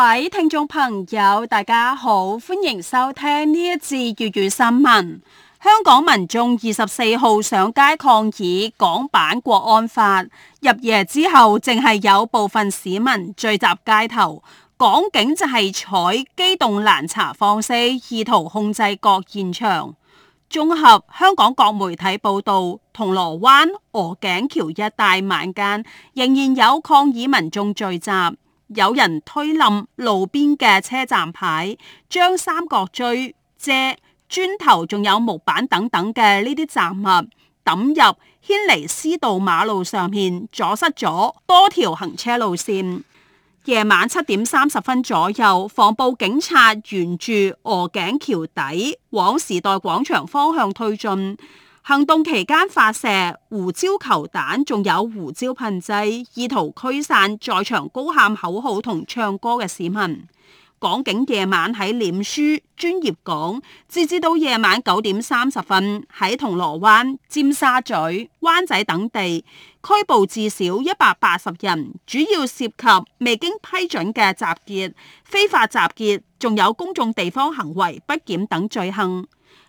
各位聽眾朋友，大家好，歡迎收聽呢一節粵語新聞。香港民眾二十四號上街抗議港版國安法，入夜之後，淨係有部分市民聚集街頭，港警就係採機動攔查方式，意圖控制各現場。綜合香港各媒體報道，銅鑼灣、鵝頸橋一帶晚間仍然有抗議民眾聚集。有人推冧路邊嘅車站牌，將三角錐、遮磚頭，仲有木板等等嘅呢啲雜物抌入軒尼詩道馬路上面，阻塞咗多條行車路線。夜晚七點三十分左右，防暴警察沿住鵝頸橋底往時代廣場方向推進。行動期間發射胡椒球彈，仲有胡椒噴劑，意圖驅散在場高喊口號同唱歌嘅市民。港警夜晚喺臉書專業講，直至到夜晚九點三十分，喺銅鑼灣、尖沙咀、灣仔等地拘捕至少一百八十人，主要涉及未經批准嘅集結、非法集結，仲有公眾地方行為不檢等罪行。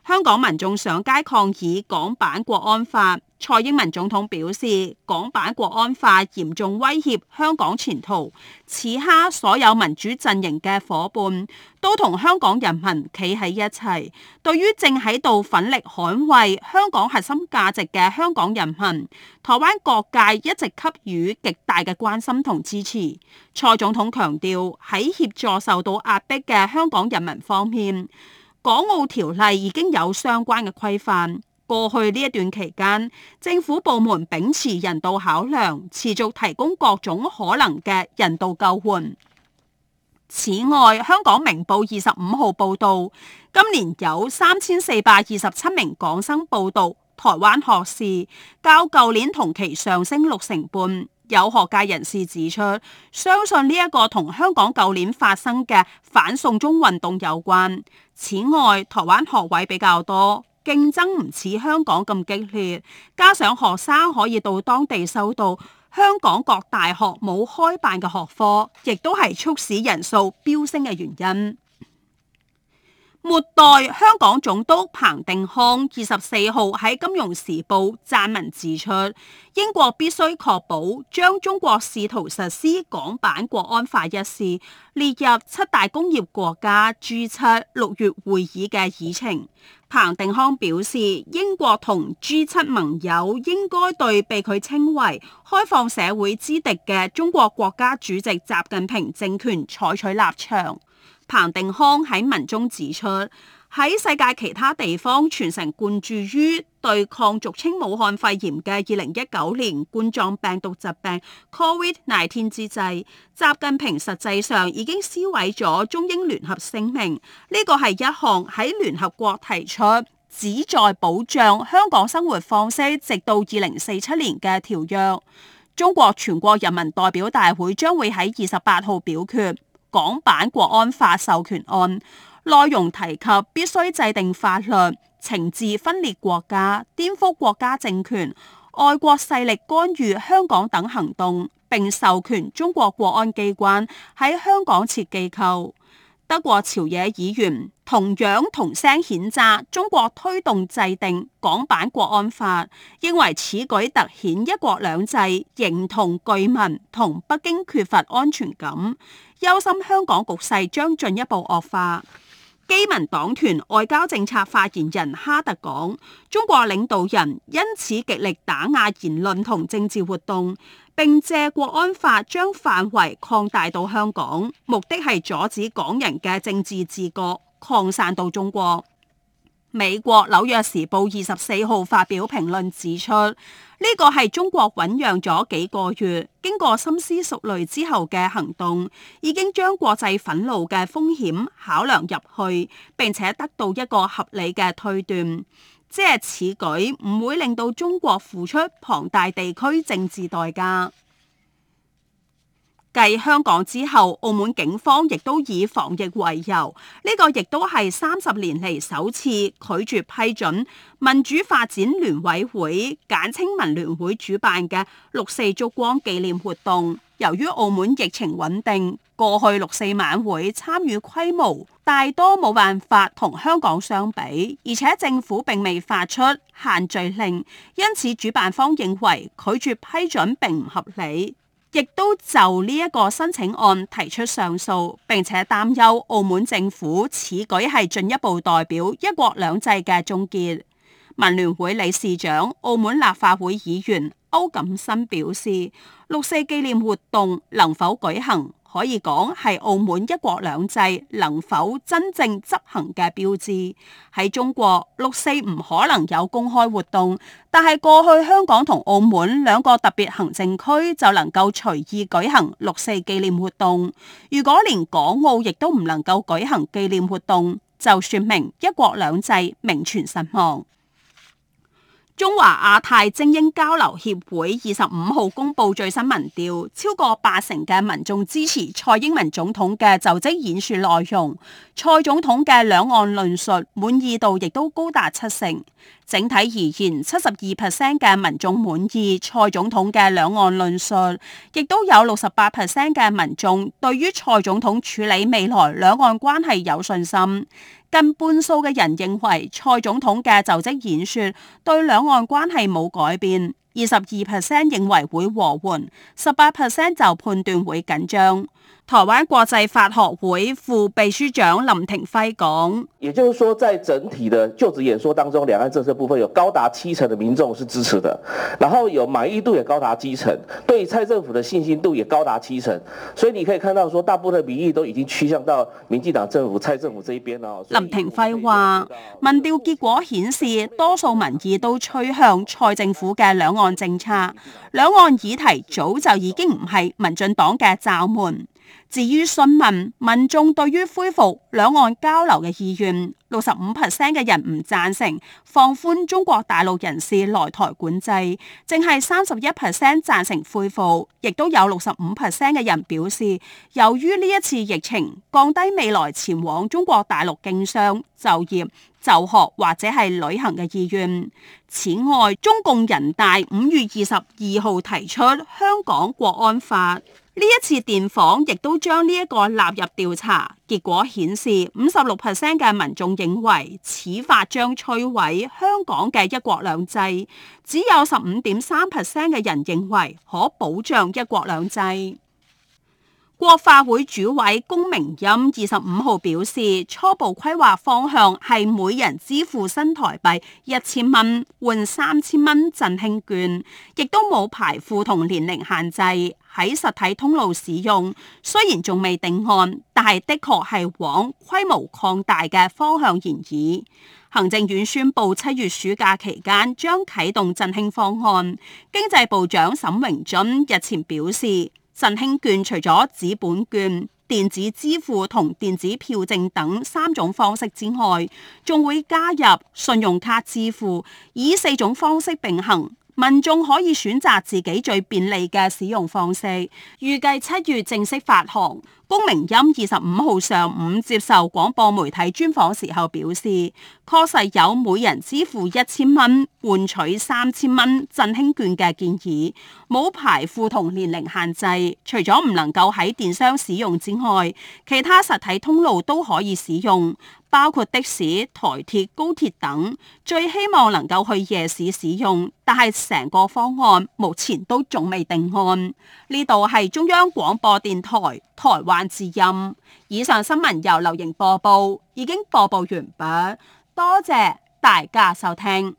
香港民眾上街抗議港版國安法，蔡英文總統表示，港版國安法嚴重威脅香港前途。此刻所有民主陣營嘅夥伴都同香港人民企喺一齊。對於正喺度奮力捍衛香港核心價值嘅香港人民，台灣各界一直給予極大嘅關心同支持。蔡總統強調，喺協助受到壓迫嘅香港人民方面。港澳條例已經有相關嘅規範。過去呢一段期間，政府部門秉持人道考量，持續提供各種可能嘅人道救援。此外，香港明報二十五號報道，今年有三千四百二十七名港生報讀台灣學士，較舊年同期上升六成半。有學界人士指出，相信呢一個同香港舊年發生嘅反送中運動有關。此外，台灣學位比較多，競爭唔似香港咁激烈，加上學生可以到當地收到香港各大學冇開辦嘅學科，亦都係促使人數飆升嘅原因。末代香港總督彭定康二十四號喺《金融時報》撰文指出，英國必須確保將中國試圖實施港版國安法一事列入七大工業國家 G7 六月會議嘅議程。彭定康表示，英國同 G7 盟友應該對被佢稱為開放社會之敵嘅中國國家主席習近平政權採取立場。彭定康喺文中指出，喺世界其他地方全神貫注於對抗俗稱武漢肺炎嘅二零一九年冠狀病毒疾病 （Covid-19） 之際，習近平實際上已經撕毀咗中英聯合聲明。呢個係一項喺聯合國提出旨在保障香港生活方式直到二零四七年嘅條約。中國全國人民代表大會將會喺二十八號表決。港版國安法授權案內容提及必須制定法律懲治分裂國家、顛覆國家政權、外國勢力干預香港等行動，並授權中國國安機關喺香港設機構。德國朝野議員同樣同聲譴責中國推動制定港版國安法，認為此舉凸顯一國兩制，認同居民同北京缺乏安全感。憂心香港局勢將進一步惡化，基民黨團外交政策發言人哈特講，中國領導人因此極力打壓言論同政治活動，並借國安法將範圍擴大到香港，目的係阻止港人嘅政治自覺擴散到中國。美國紐約時報二十四號發表評論指出，呢個係中國醞釀咗幾個月、經過深思熟慮之後嘅行動，已經將國際憤怒嘅風險考量入去，並且得到一個合理嘅推斷，即係此舉唔會令到中國付出龐大地區政治代價。繼香港之後，澳門警方亦都以防疫為由，呢個亦都係三十年嚟首次拒絕批准民主發展聯委會（簡稱民聯會）主辦嘅六四燭光紀念活動。由於澳門疫情穩定，過去六四晚會參與規模大多冇辦法同香港相比，而且政府並未發出限聚令，因此主辦方認為拒絕批准並唔合理。亦都就呢一個申請案提出上訴，並且擔憂澳門政府此舉係進一步代表一國兩制嘅終結。民聯會理事長、澳門立法會議員歐錦新表示，六四紀念活動能否舉行？可以講係澳門一國兩制能否真正執行嘅標誌。喺中國，六四唔可能有公開活動，但係過去香港同澳門兩個特別行政區就能夠隨意舉行六四紀念活動。如果連港澳亦都唔能夠舉行紀念活動，就說明一國兩制名存實亡。中華亞太精英交流協會二十五號公布最新民調，超過八成嘅民眾支持蔡英文總統嘅就職演說內容，蔡總統嘅兩岸論述滿意度亦都高達七成。整體而言，七十二 percent 嘅民眾滿意蔡總統嘅兩岸論述，亦都有六十八 percent 嘅民眾對於蔡總統處理未來兩岸關係有信心。近半數嘅人認為蔡總統嘅就職演說對兩岸關係冇改變，二十二 percent 認為會和緩，十八 percent 就判斷會緊張。台灣國際法學會副秘書長林廷輝講，也就是說，在整體的就職演說當中，兩岸政策部分有高達七成的民眾是支持的，然後有滿意度也高達七成，對蔡政府的信心度也高達七成，所以你可以看到說，大部分民意都已經趨向到民進黨政府蔡政府這一邊啦。林廷輝話，民調結果顯示，多數民意都趨向蔡政府嘅兩岸政策，兩岸議題早就已經唔係民進黨嘅罩門。至於詢問民眾對於恢復兩岸交流嘅意願，六十五 percent 嘅人唔讚成放寬中國大陸人士來台管制，淨係三十一 percent 讚成恢復，亦都有六十五 percent 嘅人表示，由於呢一次疫情，降低未來前往中國大陸經商、就業、就學或者係旅行嘅意願。此外，中共人大五月二十二號提出香港國安法。呢一次電訪亦都將呢一個納入調查，結果顯示五十六 percent 嘅民眾認為此法將摧毀香港嘅一國兩制，只有十五點三 percent 嘅人認為可保障一國兩制。國發會主委龔明鑫二十五號表示，初步規劃方向係每人支付新台幣一千蚊換三千蚊振興券，亦都冇排富同年齡限制。喺實體通路使用，雖然仲未定案，但係的確係往規模擴大嘅方向言矣。行政院宣布七月暑假期間將啟動振興方案。經濟部長沈榮津日前表示，振興券除咗紙本券、電子支付同電子票證等三種方式之外，仲會加入信用卡支付，以四種方式並行。民眾可以選擇自己最便利嘅使用方式，預計七月正式發行。龔明鑫二十五號上午接受廣播媒體專訪時候表示，確實 有每人支付一千蚊換取三千蚊振興券嘅建議，冇排富同年齡限制，除咗唔能夠喺電商使用之外，其他實體通路都可以使用。包括的士、台鐵、高鐵等，最希望能夠去夜市使用，但係成個方案目前都仲未定案。呢度係中央廣播電台台灣之音，以上新聞由流瑩播報，已經播報完畢，多謝大家收聽。